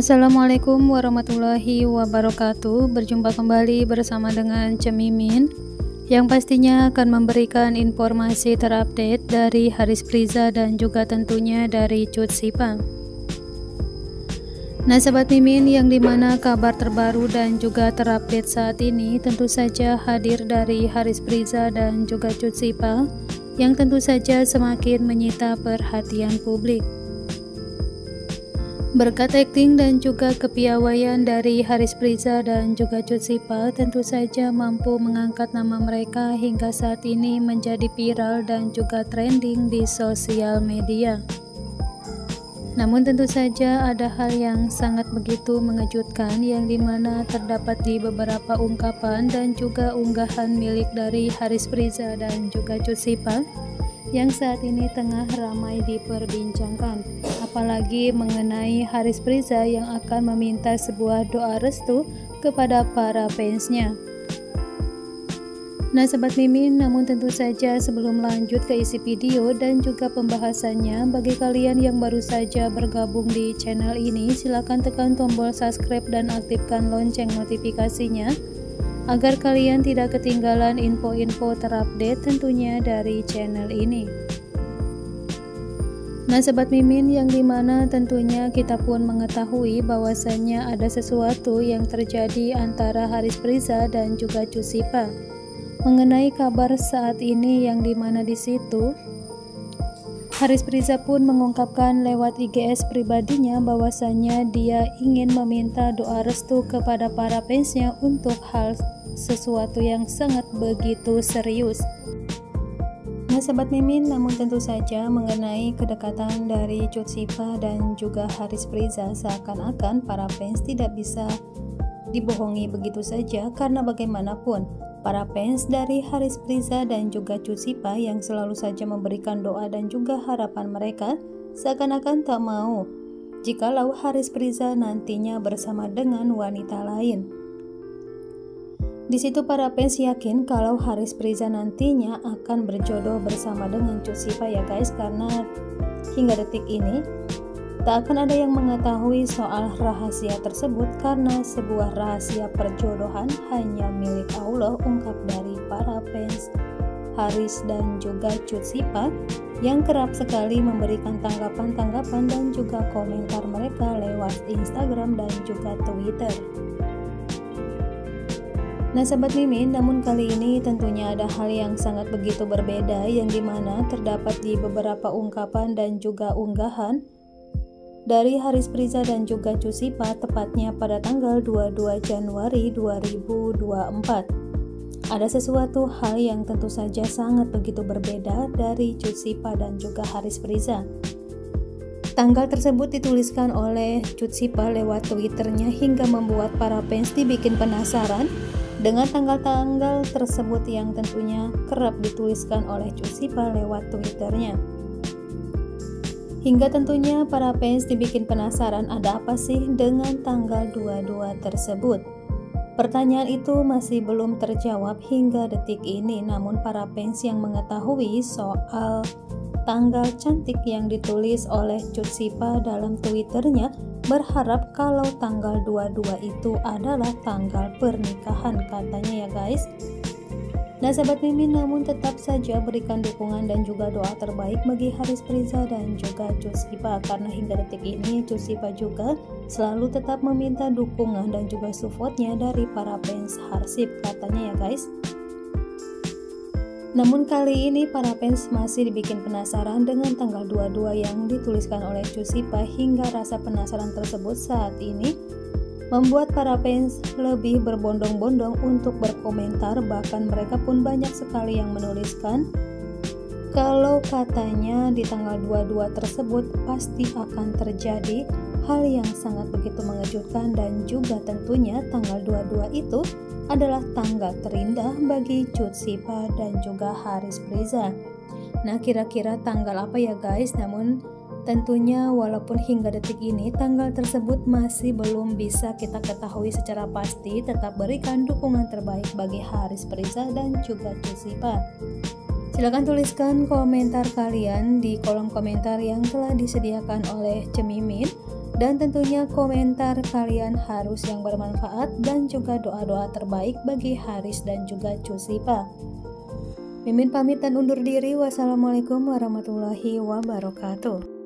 Assalamualaikum warahmatullahi wabarakatuh. Berjumpa kembali bersama dengan Cemimin yang pastinya akan memberikan informasi terupdate dari Haris Priza dan juga tentunya dari Cut Sipa. Nah, sahabat Mimin yang dimana kabar terbaru dan juga terupdate saat ini tentu saja hadir dari Haris Priza dan juga Cut Sipa yang tentu saja semakin menyita perhatian publik. Berkat akting dan juga kepiawaian dari Haris Priza dan juga Cut tentu saja mampu mengangkat nama mereka hingga saat ini menjadi viral dan juga trending di sosial media. Namun tentu saja ada hal yang sangat begitu mengejutkan yang dimana terdapat di beberapa ungkapan dan juga unggahan milik dari Haris Priza dan juga Cut yang saat ini tengah ramai diperbincangkan apalagi mengenai Haris Priza yang akan meminta sebuah doa restu kepada para fansnya. Nah Sobat Mimin, namun tentu saja sebelum lanjut ke isi video dan juga pembahasannya, bagi kalian yang baru saja bergabung di channel ini, silahkan tekan tombol subscribe dan aktifkan lonceng notifikasinya, agar kalian tidak ketinggalan info-info terupdate tentunya dari channel ini. Nah, sobat mimin yang dimana tentunya kita pun mengetahui bahwasannya ada sesuatu yang terjadi antara Haris Priza dan juga Cusipa. Mengenai kabar saat ini yang dimana di situ Haris Priza pun mengungkapkan lewat IGS pribadinya bahwasannya dia ingin meminta doa restu kepada para fansnya untuk hal sesuatu yang sangat begitu serius. Sobat Mimin, namun tentu saja mengenai kedekatan dari Cut Siva dan juga Haris Priza seakan-akan para fans tidak bisa dibohongi begitu saja karena bagaimanapun para fans dari Haris Priza dan juga Cusipa yang selalu saja memberikan doa dan juga harapan mereka seakan-akan tak mau jikalau Haris Priza nantinya bersama dengan wanita lain. Di situ para fans yakin kalau Haris Priza nantinya akan berjodoh bersama dengan Cusipa ya guys karena hingga detik ini tak akan ada yang mengetahui soal rahasia tersebut karena sebuah rahasia perjodohan hanya milik Allah ungkap dari para fans Haris dan juga Cut yang kerap sekali memberikan tanggapan-tanggapan dan juga komentar mereka lewat Instagram dan juga Twitter. Nah sahabat Mimin, namun kali ini tentunya ada hal yang sangat begitu berbeda yang dimana terdapat di beberapa ungkapan dan juga unggahan dari Haris Priza dan juga Cusipa tepatnya pada tanggal 22 Januari 2024. Ada sesuatu hal yang tentu saja sangat begitu berbeda dari Cusipa dan juga Haris Priza. Tanggal tersebut dituliskan oleh Cusipa lewat Twitternya hingga membuat para fans dibikin penasaran dengan tanggal-tanggal tersebut yang tentunya kerap dituliskan oleh Cusipa lewat Twitternya. Hingga tentunya para fans dibikin penasaran ada apa sih dengan tanggal 22 tersebut. Pertanyaan itu masih belum terjawab hingga detik ini namun para fans yang mengetahui soal tanggal cantik yang ditulis oleh Cusipa dalam Twitternya berharap kalau tanggal 22 itu adalah tanggal pernikahan katanya ya guys Nah sahabat mimin namun tetap saja berikan dukungan dan juga doa terbaik bagi Haris Priza dan juga Josipa karena hingga detik ini Josipa juga selalu tetap meminta dukungan dan juga supportnya dari para fans Harsip katanya ya guys. Namun kali ini para fans masih dibikin penasaran dengan tanggal 22 yang dituliskan oleh Cusipa hingga rasa penasaran tersebut saat ini membuat para fans lebih berbondong-bondong untuk berkomentar bahkan mereka pun banyak sekali yang menuliskan kalau katanya di tanggal 22 tersebut pasti akan terjadi Hal yang sangat begitu mengejutkan dan juga tentunya tanggal 22 itu adalah tanggal terindah bagi Jude Sipa dan juga Haris Priza. Nah kira-kira tanggal apa ya guys namun Tentunya walaupun hingga detik ini tanggal tersebut masih belum bisa kita ketahui secara pasti tetap berikan dukungan terbaik bagi Haris Priza dan juga Cusipa. Silahkan tuliskan komentar kalian di kolom komentar yang telah disediakan oleh Cemimin dan tentunya komentar kalian harus yang bermanfaat dan juga doa-doa terbaik bagi Haris dan juga Cusipa. Mimin pamit dan undur diri. Wassalamualaikum warahmatullahi wabarakatuh.